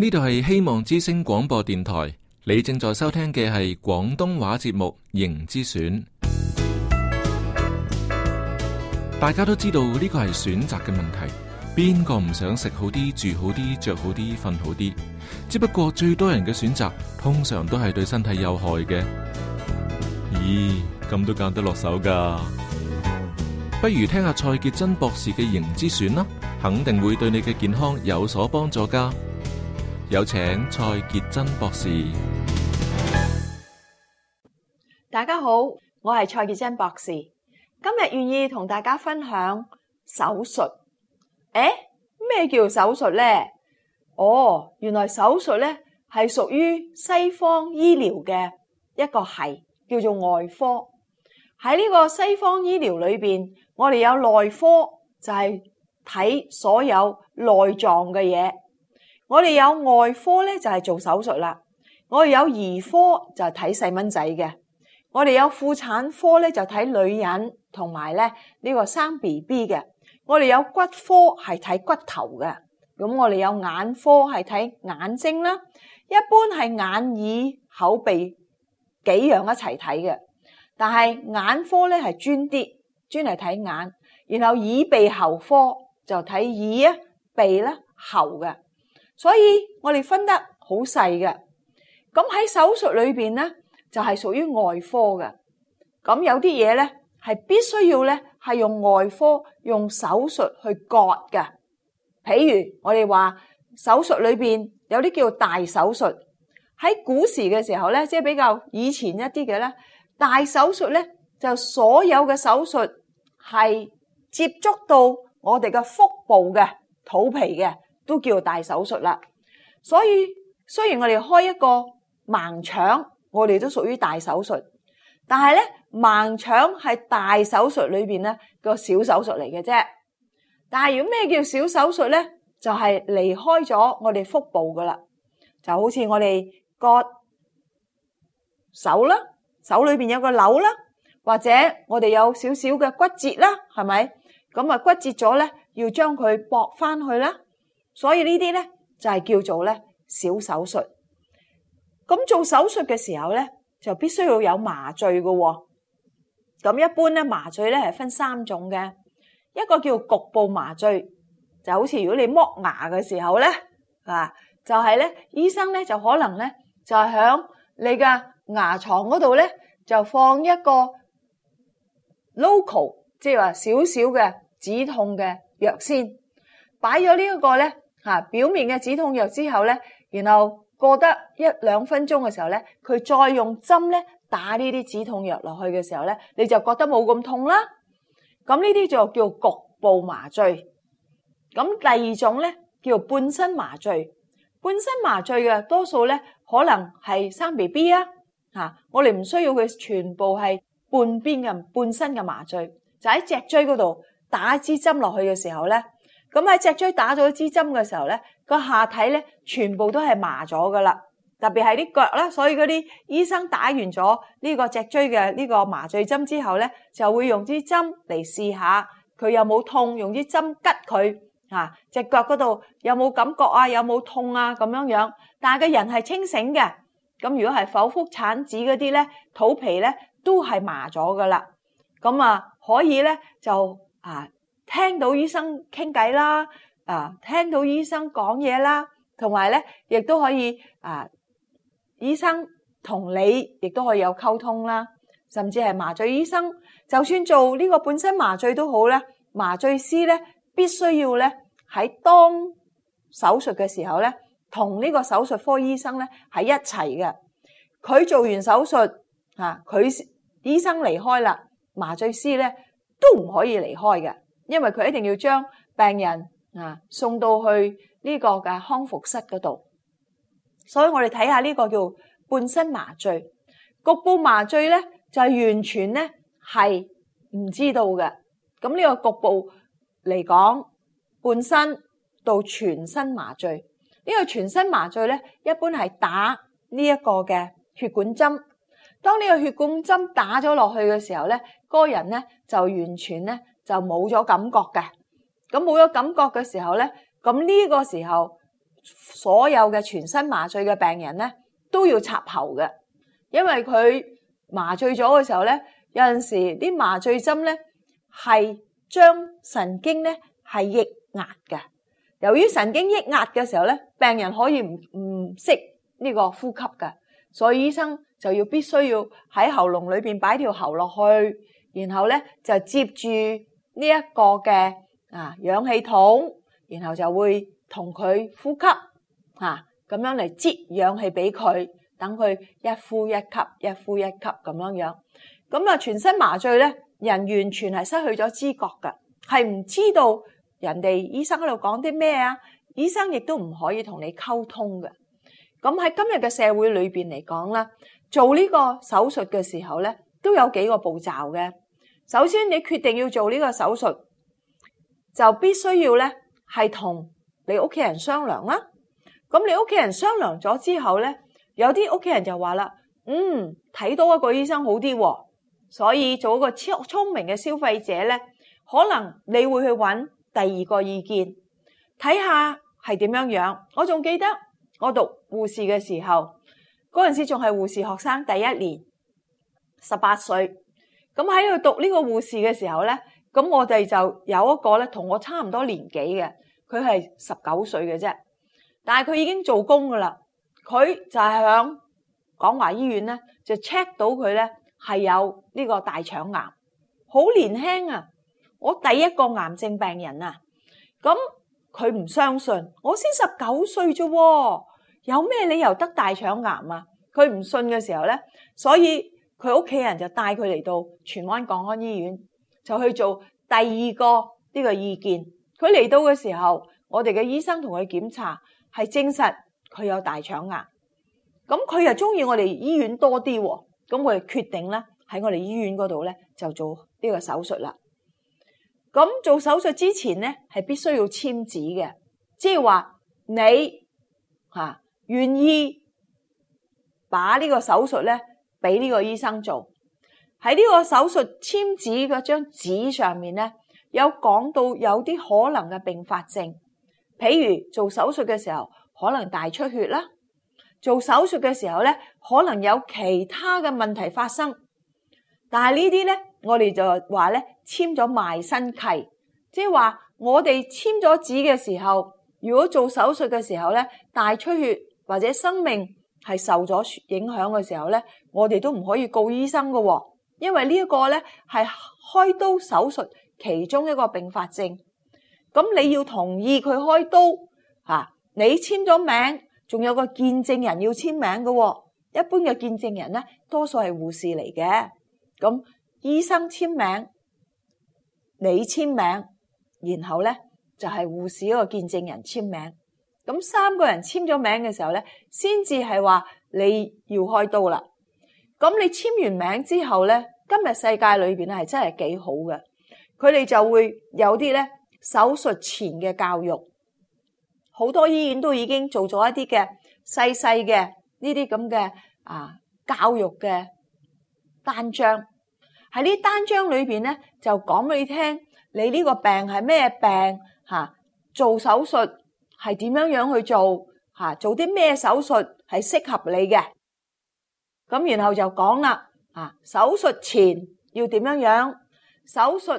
呢度係希望之星廣播電台，你正在收聽嘅係廣東話節目《形之選》。大家都知道呢、這個係選擇嘅問題，邊個唔想食好啲、住好啲、着好啲、瞓好啲？只不過最多人嘅選擇通常都係對身體有害嘅。咦，咁都揀得落手噶？不如聽下蔡潔真博士嘅《形之選》啦，肯定會對你嘅健康有所幫助噶。有請蔡潔真博士。大家好，我係蔡潔真博士。今日願意同大家分享手術。誒，咩叫手術呢？哦，原來手術呢係屬於西方醫療嘅一個係，叫做外科。喺呢個西方醫療裏邊，我哋有內科，就係睇所有內臟嘅嘢。我哋有外科咧，就係做手術啦。我哋有兒科就係睇細蚊仔嘅。我哋有婦產科咧，就睇女人同埋咧呢個生 BB 嘅。我哋有骨科係睇骨頭嘅。咁我哋有眼科係睇眼睛啦。一般係眼耳口鼻幾樣一齊睇嘅。但係眼科咧係專啲，專係睇眼。然後耳鼻喉科就睇耳啊、鼻啦、喉嘅。所以我哋分得好細嘅，咁喺手術裏邊咧，就係屬於外科嘅。咁有啲嘢咧，係必須要咧，係用外科用手術去割嘅。譬如我哋話手術裏邊有啲叫大手術，喺古時嘅時候咧，即係比較以前一啲嘅咧，大手術咧就所有嘅手術係接觸到我哋嘅腹部嘅肚皮嘅。都叫做大手術啦，所以雖然我哋開一個盲腸，我哋都屬於大手術，但係咧盲腸係大手術裏邊咧個小手術嚟嘅啫。但係如果咩叫小手術咧，就係離開咗我哋腹部噶啦，就好似我哋割手啦，手裏邊有個瘤啦，或者我哋有少少嘅骨折啦，係咪咁啊？骨折咗咧，要將佢駁翻去啦。所以呢啲咧就係叫做咧小手術。咁做手術嘅時候咧就必須要有麻醉㗎喎。咁一般咧麻醉咧係分三種嘅，一個叫局部麻醉，就好似如果你剝牙嘅時候咧，啊就係咧醫生咧就可能咧就喺你嘅牙床嗰度咧就放一個 local，即係話少少嘅止痛嘅藥先，擺咗呢一個咧。啊！表面嘅止痛藥之後咧，然後過得一兩分鐘嘅時候咧，佢再用針咧打呢啲止痛藥落去嘅時候咧，你就覺得冇咁痛啦。咁呢啲就叫局部麻醉。咁第二種咧叫半身麻醉。半身麻醉嘅多數咧可能係生 BB 啊。啊，我哋唔需要佢全部係半邊嘅半身嘅麻醉，就喺脊椎嗰度打支針落去嘅時候咧。咁喺脊椎打咗支針嘅時候咧，個下體咧全部都係麻咗噶啦，特別係啲腳啦。所以嗰啲醫生打完咗呢個脊椎嘅呢個麻醉針之後咧，就會用支針嚟試下佢有冇痛，用支針拮佢啊，隻腳嗰度有冇感覺啊，有冇痛啊咁樣樣。但係個人係清醒嘅。咁如果係剖腹產子嗰啲咧，肚皮咧都係麻咗噶啦。咁啊，可以咧就啊。聽到醫生傾偈啦，啊，聽到醫生講嘢啦，同埋咧，亦都可以啊，醫生同你亦都可以有溝通啦。甚至係麻醉醫生，就算做呢個本身麻醉都好咧，麻醉師咧必須要咧喺當手術嘅時候咧，同呢個手術科醫生咧喺一齊嘅。佢做完手術啊，佢醫生離開啦，麻醉師咧都唔可以離開嘅。因為佢一定要將病人啊送到去呢個嘅康復室嗰度，所以我哋睇下呢個叫半身麻醉、局部麻醉咧，就係完全咧係唔知道嘅。咁呢個局部嚟講，半身到全身麻醉。呢個全身麻醉咧，一般係打呢一個嘅血管針。當呢個血管針打咗落去嘅時候咧，個人咧就完全咧。就冇咗感覺嘅，咁冇咗感覺嘅時候咧，咁呢個時候所有嘅全身麻醉嘅病人咧都要插喉嘅，因為佢麻醉咗嘅時候咧，有陣時啲麻醉針咧係將神經咧係抑壓嘅，由於神經抑壓嘅時候咧，病人可以唔唔識呢個呼吸嘅，所以醫生就要必須要喺喉嚨裏面擺條喉落去，然後咧就接住。呢一個嘅，啊氧氣筒，然後就會同佢呼吸吓，咁樣嚟接氧氣俾佢，等佢一呼一吸一呼一吸咁樣樣。咁啊全身麻醉咧，人完全係失去咗知覺噶，係唔知道人哋醫生喺度講啲咩啊。醫生亦都唔可以同你溝通嘅。咁喺今日嘅社會裏邊嚟講啦，做呢個手術嘅時候咧，都有幾個步驟嘅。首先，你決定要做呢個手術，就必須要咧係同你屋企人商量啦。咁你屋企人商量咗之後咧，有啲屋企人就話啦：「嗯，睇多一個醫生好啲喎。所以做一個超聰明嘅消費者咧，可能你會去搵第二個意見，睇下係點樣樣。我仲記得我讀護士嘅時候，嗰陣時仲係護士學生第一年，十八歲。咁喺度讀呢個護士嘅時候咧，咁我哋就有一個咧同我差唔多年紀嘅，佢係十九歲嘅啫，但係佢已經做工噶啦，佢就係響港華醫院咧，就 check 到佢咧係有呢個大腸癌，好年輕啊！我第一個癌症病人啊，咁佢唔相信，我先十九歲啫，有咩理由得大腸癌啊？佢唔信嘅時候咧，所以。佢屋企人就帶佢嚟到荃灣港安醫院，就去做第二個呢個意見。佢嚟到嘅時候，我哋嘅醫生同佢檢查係證實佢有大腸癌。咁佢又鍾意我哋醫院多啲，咁佢決定咧喺我哋醫院嗰度咧就做呢個手術啦。咁做手術之前咧係必須要簽紙嘅，即係話你嚇願意把呢個手術咧。俾呢個醫生做喺呢個手術簽字嗰張紙上面呢，有講到有啲可能嘅併發症，譬如做手術嘅時候可能大出血啦，做手術嘅時候呢，可能有其他嘅問題發生，但係呢啲呢，我哋就話呢簽咗賣身契，即係話我哋簽咗紙嘅時候，如果做手術嘅時候呢，大出血或者生命。係受咗影響嘅時候咧，我哋都唔可以告醫生嘅、哦，因為呢一個咧係開刀手術其中一個併發症。咁你要同意佢開刀、啊、你簽咗名，仲有個見證人要簽名嘅、哦。一般嘅見證人咧，多數係護士嚟嘅。咁醫生簽名，你簽名，然後咧就係、是、護士嗰個見證人簽名。咁三個人簽咗名嘅時候咧，先至係話你要開刀啦。咁你簽完名之後咧，今日世界裏邊咧係真係幾好嘅。佢哋就會有啲咧手術前嘅教育，好多醫院都已經做咗一啲嘅細細嘅呢啲咁嘅啊教育嘅單張。喺呢單張裏邊咧，就講俾你聽你呢個病係咩病吓，啊，做手術。係點樣樣去做？吓做啲咩手術係適合你嘅？咁然後就講啦，啊手術前要點樣樣？手術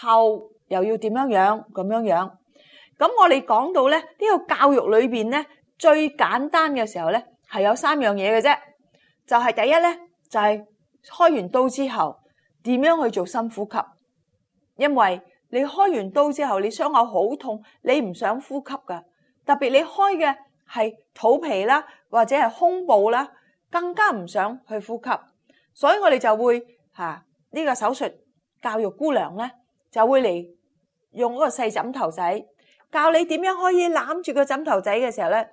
後又要點樣樣？咁樣樣？咁我哋講到咧呢個教育裏邊咧最簡單嘅時候咧係有三樣嘢嘅啫，就係第一咧就係開完刀之後點樣去做深呼吸。因為你開完刀之後你傷口好痛，你唔想呼吸噶。特別你開嘅係肚皮啦，或者係胸部啦，更加唔想去呼吸，所以我哋就會吓呢個手術教育姑娘咧，就會嚟用嗰個細枕頭仔教你點樣可以攬住個枕頭仔嘅時候咧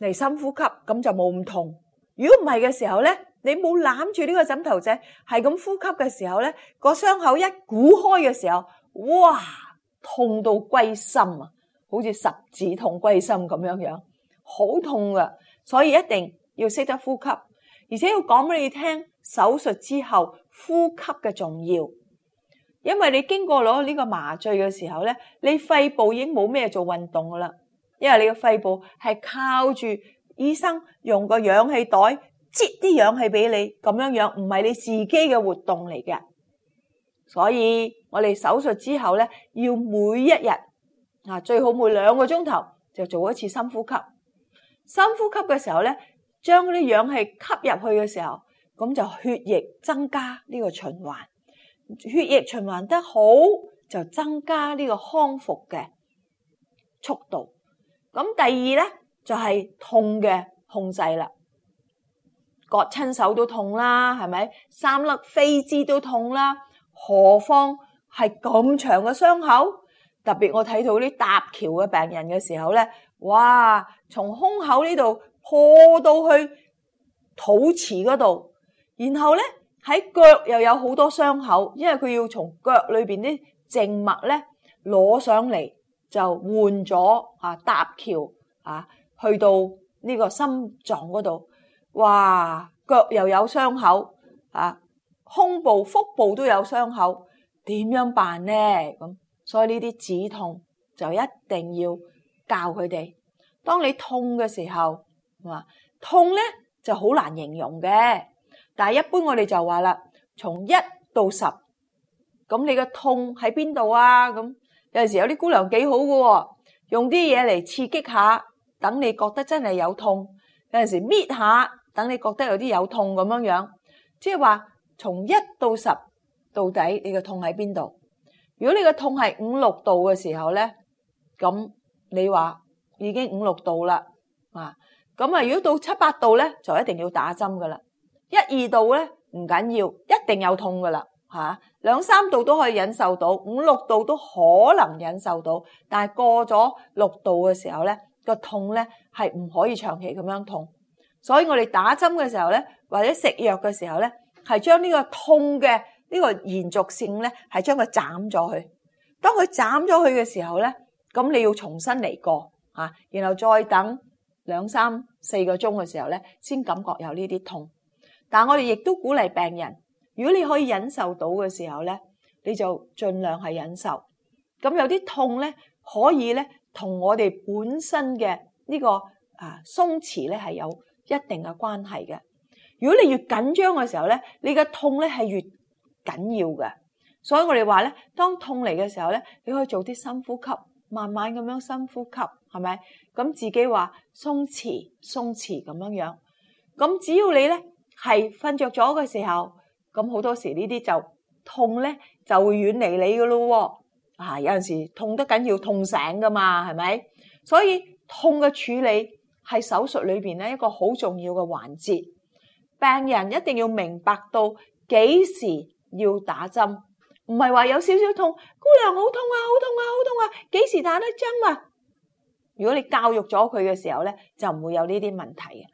嚟深呼吸，咁就冇咁痛。如果唔係嘅時候咧，你冇攬住呢個枕頭仔係咁呼吸嘅時候咧，個傷口一鼓開嘅時候，哇，痛到歸心啊！好似十指痛歸心咁樣樣，好痛噶，所以一定要識得呼吸，而且要講俾你聽手術之後呼吸嘅重要，因為你經過攞呢個麻醉嘅時候咧，你肺部已經冇咩做運動噶啦，因為你個肺部係靠住醫生用個氧氣袋擠啲氧氣俾你咁樣樣，唔係你自己嘅活動嚟嘅，所以我哋手術之後咧，要每一日。最好每兩個鐘頭就做一次深呼吸。深呼吸嘅時候咧，將啲氧氣吸入去嘅時候，咁就血液增加呢個循環。血液循環得好，就增加呢個康復嘅速度。咁第二咧，就係痛嘅控制啦。割親手都痛啦，係咪？三粒飛滋都痛啦，何況係咁長嘅傷口？特別我睇到啲搭橋嘅病人嘅時候咧，哇！從胸口呢度破到去肚臍嗰度，然後咧喺腳又有好多傷口，因為佢要從腳裏面啲靜脈咧攞上嚟就換咗啊搭橋啊去到呢個心臟嗰度，哇！腳又有傷口啊，胸部、腹部都有傷口，點樣辦呢？咁？所以呢啲止痛就一定要教佢哋。當你痛嘅時候，話痛咧就好難形容嘅。但係一般我哋就話啦，從一到十，咁你嘅痛喺邊度啊？咁有陣時有啲姑娘幾好喎，用啲嘢嚟刺激下，等你覺得真係有痛。有陣時搣下，等你覺得有啲有痛咁樣樣，即係話從一到十，到底你嘅痛喺邊度？如果你個痛係五六度嘅時候咧，咁你話已經五六度啦，啊，咁啊，如果到七八度咧，就一定要打針噶啦。一二度咧，唔緊要，一定有痛噶啦，吓，兩三度都可以忍受到，五六度都可能忍受到，但係過咗六度嘅時候咧，個痛咧係唔可以長期咁樣痛，所以我哋打針嘅時候咧，或者食藥嘅時候咧，係將呢個痛嘅。呢個延續性咧，係將佢斬咗去。當佢斬咗去嘅時候咧，咁你要重新嚟過啊，然後再等兩三四個鐘嘅時候咧，先感覺有呢啲痛。但係我哋亦都鼓勵病人，如果你可以忍受到嘅時候咧，你就盡量係忍受。咁有啲痛咧，可以咧，同我哋本身嘅呢個啊鬆弛咧係有一定嘅關係嘅。如果你越緊張嘅時候咧，你嘅痛咧係越。緊要嘅，所以我哋話咧，當痛嚟嘅時候咧，你可以做啲深呼吸，慢慢咁樣深呼吸，係咪？咁自己話鬆弛鬆弛咁樣樣。咁只要你咧係瞓着咗嘅時候，咁好多時呢啲就痛咧就會遠離你噶咯。啊，有陣時痛得緊要痛醒噶嘛，係咪？所以痛嘅處理係手術裏邊咧一個好重要嘅環節，病人一定要明白到幾時。要打針，唔係話有少少痛，姑娘好痛啊，好痛啊，好痛啊，幾時打得針啊？如果你教育咗佢嘅時候咧，就唔會有呢啲問題嘅，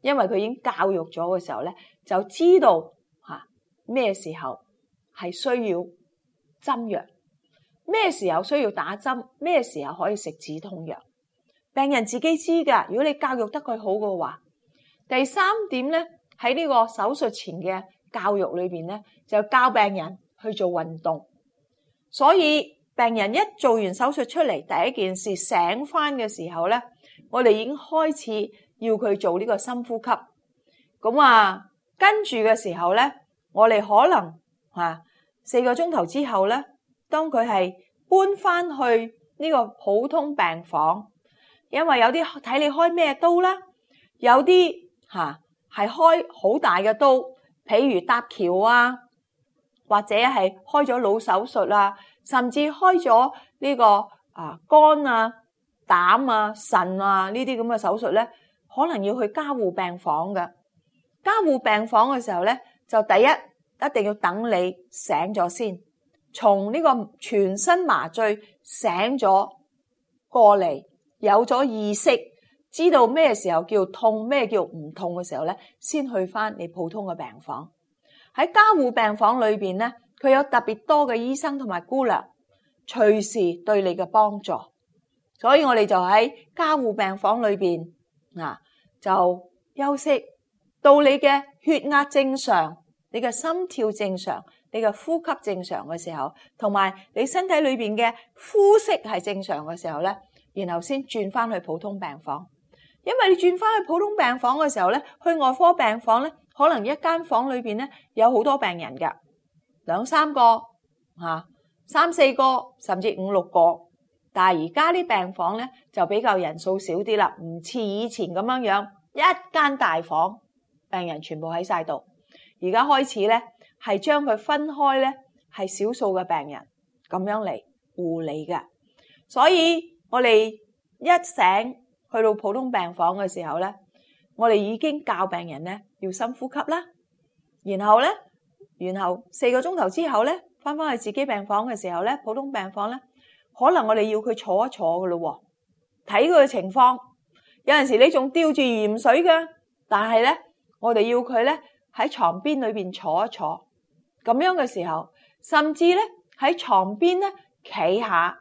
因為佢已經教育咗嘅時候咧，就知道吓咩時候係需要針藥，咩時候需要打針，咩時候可以食止痛藥，病人自己知噶。如果你教育得佢好嘅話，第三點咧喺呢個手術前嘅。教育裏邊咧，就教病人去做運動，所以病人一做完手術出嚟，第一件事醒翻嘅時候咧，我哋已經開始要佢做呢個深呼吸。咁啊，跟住嘅時候咧，我哋可能啊四個鐘頭之後咧，當佢係搬翻去呢個普通病房，因為有啲睇你開咩刀啦，有啲吓係開好大嘅刀。譬如搭橋啊，或者係開咗腦手術啊，甚至開咗呢個啊肝啊、膽啊、腎啊呢啲咁嘅手術咧，可能要去加護病房㗎。加護病房嘅時候咧，就第一一定要等你醒咗先，從呢個全身麻醉醒咗過嚟，有咗意識。知道咩時候叫痛，咩叫唔痛嘅時候咧，先去翻你普通嘅病房。喺加護病房裏邊咧，佢有特別多嘅醫生同埋姑娘，隨時對你嘅幫助。所以我哋就喺加護病房裏邊、啊、就休息到你嘅血壓正常，你嘅心跳正常，你嘅呼吸正常嘅時候，同埋你身體裏邊嘅膚色係正常嘅時候咧，然後先轉翻去普通病房。因為你轉翻去普通病房嘅時候咧，去外科病房咧，可能一間房裏邊咧有好多病人嘅，兩三個吓，啊，三四個甚至五六個。但係而家啲病房咧就比較人數少啲啦，唔似以前咁樣樣，一間大房病人全部喺晒度。而家開始咧係將佢分開咧，係少數嘅病人咁樣嚟護理嘅。所以我哋一醒。去到普通病房嘅時候咧，我哋已經教病人咧要深呼吸啦。然後咧，然後四個鐘頭之後咧，翻翻去自己病房嘅時候咧，普通病房咧，可能我哋要佢坐一坐噶咯。睇佢嘅情況，有陣時你仲吊住鹽水噶，但係咧，我哋要佢咧喺床邊裏邊坐一坐。咁樣嘅時候，甚至咧喺床邊咧企下，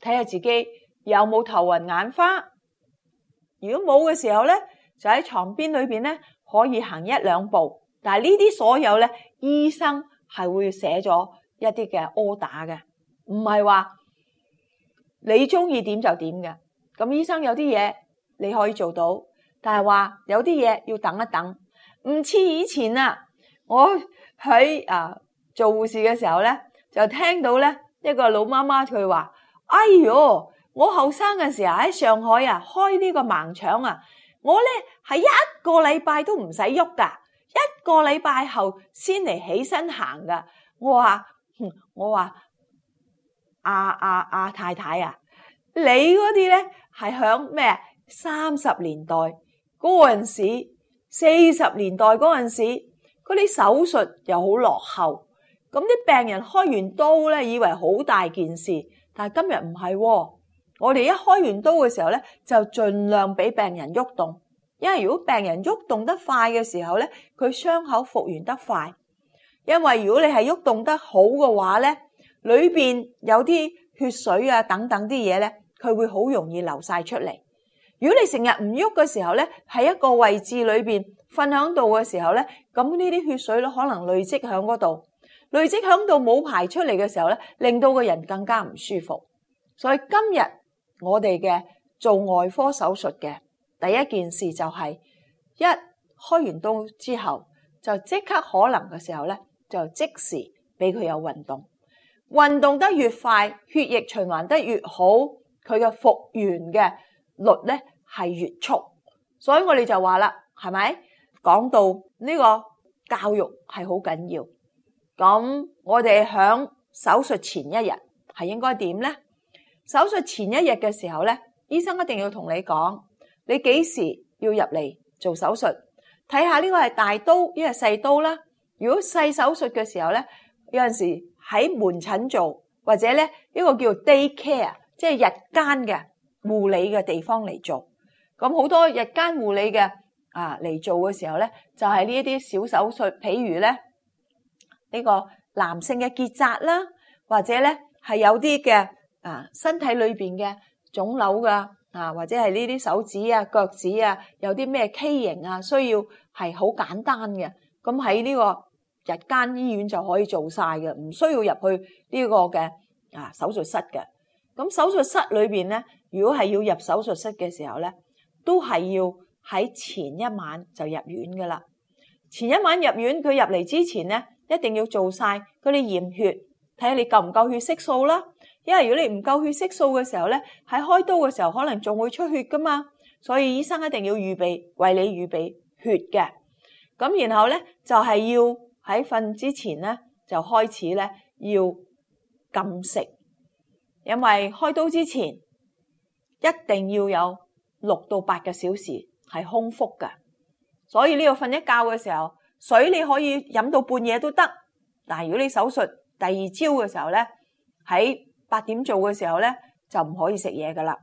睇下自己有冇頭暈眼花。如果冇嘅時候咧，就喺床邊裏邊咧可以行一兩步。但係呢啲所有咧，醫生係會寫咗一啲嘅 order 嘅，唔係話你中意點就點嘅。咁醫生有啲嘢你可以做到，但係話有啲嘢要等一等。唔似以前我啊，我喺啊做護士嘅時候咧，就聽到咧一個老媽媽佢話：哎喲！我後生嘅時候喺上海啊，開呢個盲腸啊，我咧係一個禮拜都唔使喐噶，一個禮拜後先嚟起身行噶。我話，我話，阿阿阿太太啊，你嗰啲咧係響咩？三十年代嗰陣時，四十年代嗰陣時，嗰啲手術又好落後，咁啲病人開完刀咧，以為好大件事，但係今日唔係。我哋一開完刀嘅時候咧，就盡量俾病人喐動，因為如果病人喐動得快嘅時候咧，佢傷口復原得快。因為如果你係喐動得好嘅話咧，裏邊有啲血水啊等等啲嘢咧，佢會好容易流晒出嚟。如果你成日唔喐嘅時候咧，喺一個位置裏邊瞓響度嘅時候咧，咁呢啲血水咧可能累積響嗰度，累積響度冇排出嚟嘅時候咧，令到個人更加唔舒服。所以今日。我哋嘅做外科手術嘅第一件事就係一開完刀之後就即刻可能嘅時候咧就即時俾佢有運動，運動得越快血液循環得越好，佢嘅復原嘅率咧係越速，所以我哋就話啦，係咪講到呢個教育係好緊要？咁我哋響手術前一日係應該點咧？手術前一日嘅時候咧，醫生一定要同你講，你幾時要入嚟做手術？睇下呢個係大刀一係細刀啦。如果細手術嘅時候咧，有陣時喺門診做，或者咧呢個叫做 day care，即係日間嘅護理嘅地方嚟做。咁好多日間護理嘅啊嚟做嘅時候咧，就係呢一啲小手術，譬如咧呢個男性嘅結紮啦，或者咧係有啲嘅。啊，身體裏邊嘅腫瘤噶啊，或者係呢啲手指啊、腳趾啊，有啲咩畸形啊，需要係好簡單嘅。咁喺呢個日間醫院就可以做晒嘅，唔需要入去呢個嘅啊手術室嘅。咁手術室裏邊咧，如果係要入手術室嘅時候咧，都係要喺前一晚就入院噶啦。前一晚入院，佢入嚟之前咧，一定要做晒佢啲驗血，睇下你夠唔夠血色素啦。因為如果你唔夠血色素嘅時候咧，喺開刀嘅時候可能仲會出血噶嘛，所以醫生一定要預備，為你預備血嘅。咁然後咧就係要喺瞓之前咧就開始咧要禁食，因為開刀之前一定要有六到八個小時係空腹㗎，所以呢個瞓一覺嘅時候水你可以飲到半夜都得。但係如果你手術第二朝嘅時候咧喺。八點做嘅時候咧，就唔可以食嘢噶啦。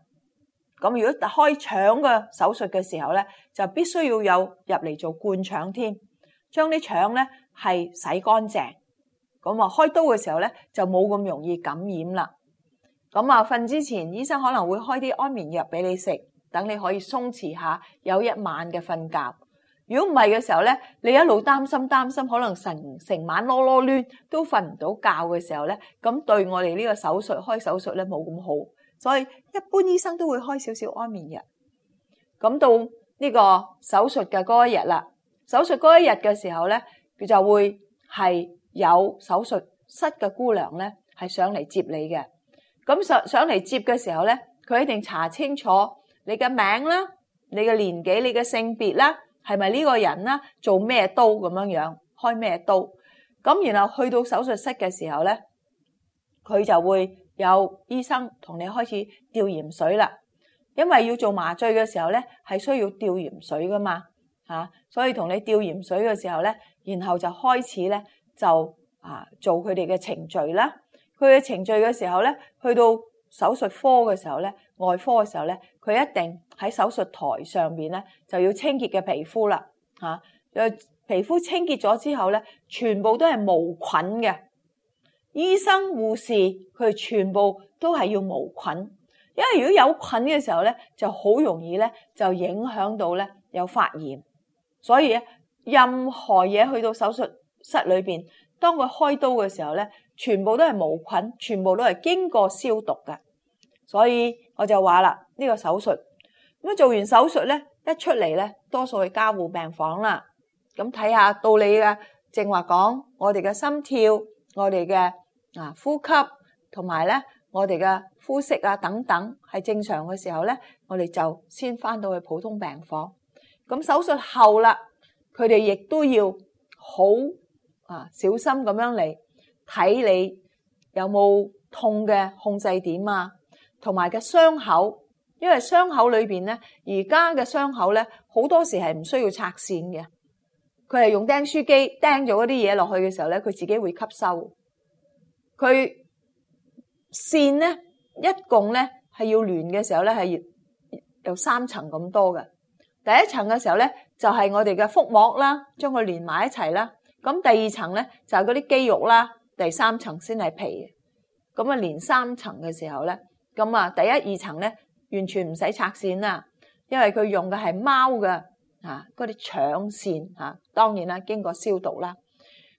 咁如果開腸嘅手術嘅時候咧，就必須要有入嚟做灌腸添，將啲腸咧係洗乾淨。咁啊，開刀嘅時候咧就冇咁容易感染啦。咁啊，瞓之前，醫生可能會開啲安眠藥俾你食，等你可以鬆弛下，有一晚嘅瞓覺。如果唔係嘅時候咧，你一路擔心擔心，可能成成晚囉囉攣都瞓唔到覺嘅時候咧，咁對我哋呢個手術開手術咧冇咁好，所以一般醫生都會開少少安眠藥。咁到呢個手術嘅嗰一日啦，手術嗰一日嘅時候咧，佢就會係有手術室嘅姑娘咧係上嚟接你嘅。咁上上嚟接嘅時候咧，佢一定查清楚你嘅名啦、你嘅年紀、你嘅性別啦。係咪呢個人啦？做咩刀咁樣樣，開咩刀？咁然後去到手術室嘅時候咧，佢就會有醫生同你開始吊鹽水啦。因為要做麻醉嘅時候咧，係需要吊鹽水噶嘛嚇，所以同你吊鹽水嘅時候咧，然後就開始咧就啊做佢哋嘅程序啦。佢嘅程序嘅時候咧，去到手術科嘅時候咧。外科嘅時候咧，佢一定喺手術台上面咧，就要清潔嘅皮膚啦。嚇，皮膚清潔咗之後咧，全部都係無菌嘅。醫生、護士佢全部都係要無菌，因為如果有菌嘅時候咧，就好容易咧就影響到咧有發炎。所以任何嘢去到手術室裏面，當佢開刀嘅時候咧，全部都係無菌，全部都係經過消毒嘅。所以。我就話啦，呢個手術咁啊，做完手術咧，一出嚟咧，多數去加護病房啦。咁睇下到你嘅正話講，我哋嘅心跳、我哋嘅啊呼吸同埋咧，我哋嘅呼吸啊等等係正常嘅時候咧，我哋就先翻到去普通病房。咁手術後啦，佢哋亦都要好啊小心咁樣嚟睇你有冇痛嘅控制點啊。同埋個傷口，因為傷口裏邊咧，而家嘅傷口咧，好多時係唔需要拆線嘅。佢係用釘書機釘咗嗰啲嘢落去嘅時候咧，佢自己會吸收佢線咧。一共咧係要連嘅時候咧係有三層咁多嘅。第一層嘅時候咧就係我哋嘅腹膜啦，將佢連埋一齊啦。咁第二層咧就係嗰啲肌肉啦，第三層先係皮。咁啊，連三層嘅時候咧。咁啊，第一二層咧完全唔使拆線啦，因為佢用嘅係貓嘅嗰啲腸線啊，當然啦經過消毒啦。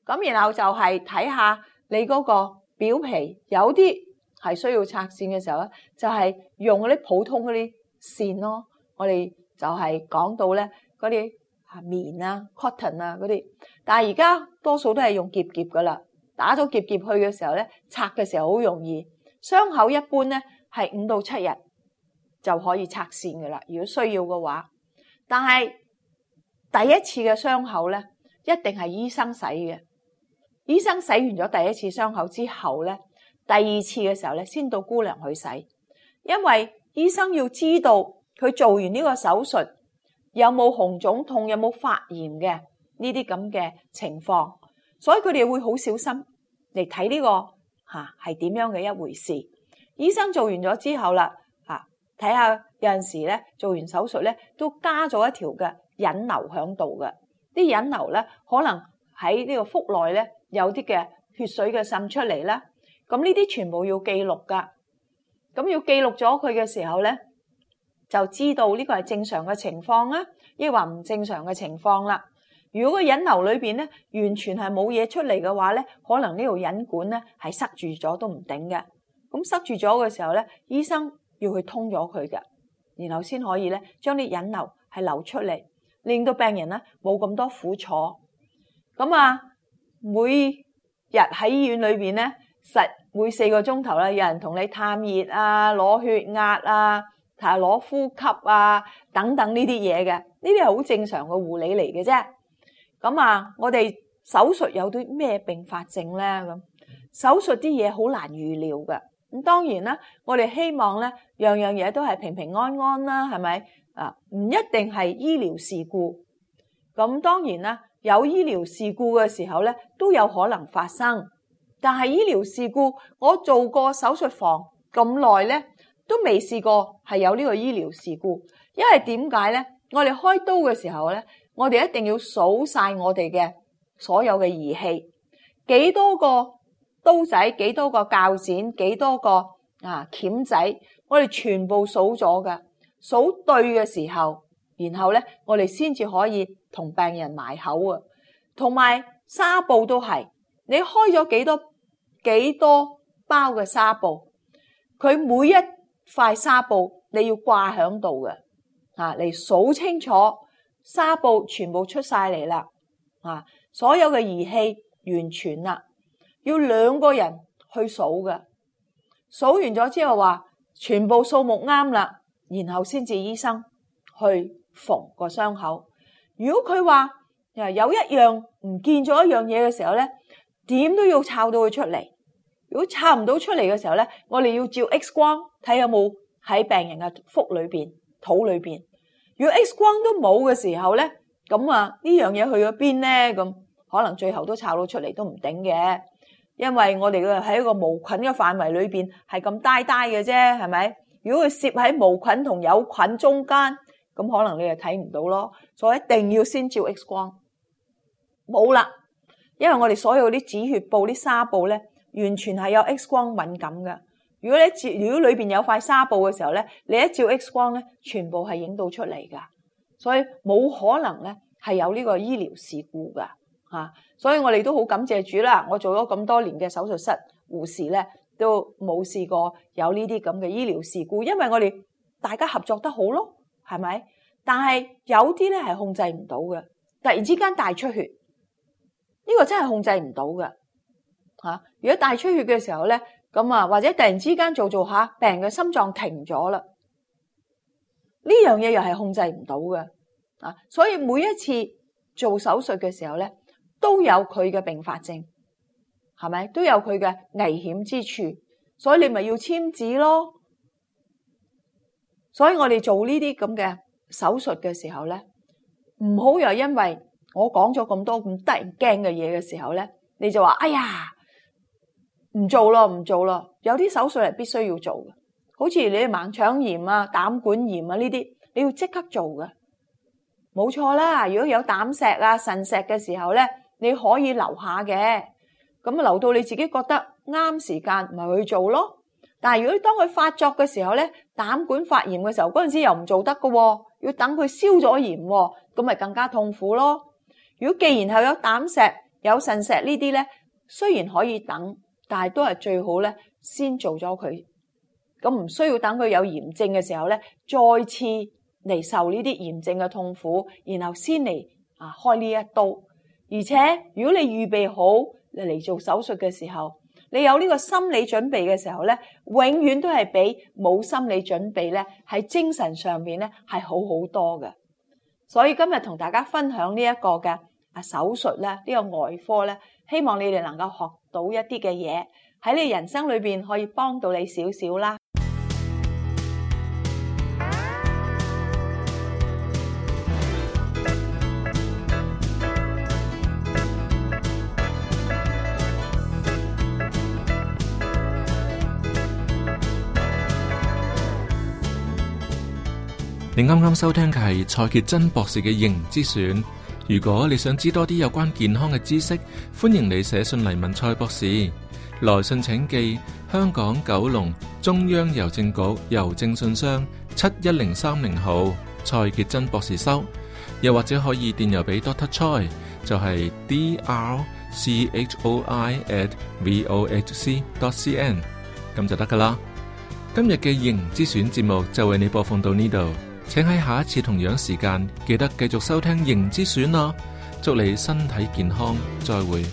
咁然後就係睇下你嗰個表皮有啲係需要拆線嘅時候咧，就係用嗰啲普通嗰啲線咯。我哋就係講到咧嗰啲啊棉啊 cotton 啊嗰啲，但係而家多數都係用結夾噶啦。打咗結夾去嘅時候咧，拆嘅時候好容易，傷口一般咧，係五到七日就可以拆線嘅啦。如果需要嘅話，但係第一次嘅傷口咧，一定係醫生洗嘅。醫生洗完咗第一次傷口之後咧，第二次嘅時候咧，先到姑娘去洗。因為醫生要知道佢做完呢個手術有冇紅腫痛、有冇發炎嘅呢啲咁嘅情況，所以佢哋會好小心嚟睇呢個吓係點樣嘅一回事。醫生做完咗之後啦，吓睇下，有陣時咧，做完手術咧，都加咗一條嘅引流喺度嘅。啲引流咧，可能喺呢個腹內咧，有啲嘅血水嘅滲出嚟啦。咁呢啲全部要記錄噶。咁要記錄咗佢嘅時候咧，就知道呢個係正常嘅情況啦，抑或唔正常嘅情況啦。如果個引流裏邊咧，完全係冇嘢出嚟嘅話咧，可能呢個引流管咧係塞住咗都唔頂嘅。咁塞住咗嘅時候咧，醫生要去通咗佢嘅，然後先可以咧將啲引流係流出嚟，令到病人咧冇咁多苦楚。咁啊，每日喺醫院裏邊咧，實每四個鐘頭咧，有人同你探熱啊、攞血壓啊、係攞呼吸啊等等呢啲嘢嘅，呢啲係好正常嘅護理嚟嘅啫。咁啊，我哋手術有啲咩併發症咧？咁手術啲嘢好難預料嘅。咁當然啦，我哋希望咧，樣樣嘢都係平平安安啦，係咪？啊，唔一定係醫療事故。咁當然啦，有醫療事故嘅時候咧，都有可能發生。但係醫療事故，我做過手術房咁耐咧，都未試過係有呢個醫療事故。因為點解咧？我哋開刀嘅時候咧，我哋一定要數晒我哋嘅所有嘅儀器，幾多個？刀仔幾多個鉸剪，幾多個啊鉗仔，我哋全部數咗噶，數對嘅時候，然後咧我哋先至可以同病人埋口啊。同埋紗布都係，你開咗幾多幾多包嘅紗布，佢每一塊紗布你要掛喺度嘅啊，你數清楚紗布全部出晒嚟啦啊，所有嘅儀器完全啦。要兩個人去數嘅，數完咗之後話全部數目啱啦，然後先至醫生去縫個傷口。如果佢話啊有一樣唔見咗一樣嘢嘅時候咧，點都要抄到佢出嚟。如果抄唔到出嚟嘅時候咧，我哋要照 X 光睇有冇喺病人嘅腹裏邊、肚裏邊。如果 X 光都冇嘅時候咧，咁啊呢樣嘢去咗邊咧？咁可能最後都抄到出嚟都唔頂嘅。因為我哋嘅喺一個無菌嘅範圍裏邊係咁呆呆嘅啫，係咪？如果佢攝喺無菌同有菌中間，咁可能你就睇唔到咯。所以一定要先照 X 光，冇啦。因為我哋所有啲止血布、啲紗布咧，完全係有 X 光敏感嘅。如果你照，如果裏邊有塊紗布嘅時候咧，你一照 X 光咧，全部係影到出嚟噶。所以冇可能咧係有呢個醫療事故噶，吓。所以我哋都好感謝主啦！我做咗咁多年嘅手術室護士咧，都冇試過有呢啲咁嘅醫療事故，因為我哋大家合作得好咯，係咪？但係有啲咧係控制唔到嘅，突然之間大出血，呢、這個真係控制唔到嘅。吓、啊，如果大出血嘅時候咧，咁啊或者突然之間做做下、啊，病人嘅心臟停咗啦，呢樣嘢又係控制唔到嘅。啊，所以每一次做手術嘅時候咧。都有佢嘅併發症，係咪？都有佢嘅危險之處，所以你咪要簽字咯。所以我哋做呢啲咁嘅手術嘅時候咧，唔好又因為我講咗咁多咁得人驚嘅嘢嘅時候咧，你就話，哎呀，唔做咯唔做咯！有啲手術係必須要做嘅，好似你嘅盲腸炎啊、膽管炎啊呢啲，你要即刻做嘅，冇錯啦。如果有膽石啊、腎石嘅時候咧。你可以留下嘅，咁留到你自己覺得啱時間咪去做咯。但係如果當佢發作嘅時候咧，膽管發炎嘅時候，嗰陣時又唔做得噶，要等佢消咗炎，咁咪更加痛苦咯。如果既然係有膽石、有腎石呢啲咧，雖然可以等，但係都係最好咧，先做咗佢，咁唔需要等佢有炎症嘅時候咧，再次嚟受呢啲炎症嘅痛苦，然後先嚟啊開呢一刀。而且，如果你預備好嚟做手術嘅時候，你有呢個心理準備嘅時候咧，永遠都係比冇心理準備咧，喺精神上面咧係好好多嘅。所以今日同大家分享呢一個嘅啊手術咧，呢、呢個外科咧，希望你哋能夠學到一啲嘅嘢，喺你的人生裏邊可以幫到你少少啦。你啱啱收聽嘅係蔡潔真博士嘅營之選。如果你想知多啲有關健康嘅知識，歡迎你寫信嚟問蔡博士。來信請寄香港九龍中央郵政局郵政信箱七一零三零號蔡潔真博士收。又或者可以電郵俾 Dr. Choi，就係 d r c h o i at v o h c dot c n，咁就得噶啦。今日嘅營之選節目就為你播放到呢度。請喺下一次同樣時間記得繼續收聽《贏之選》啦！祝你身體健康，再會。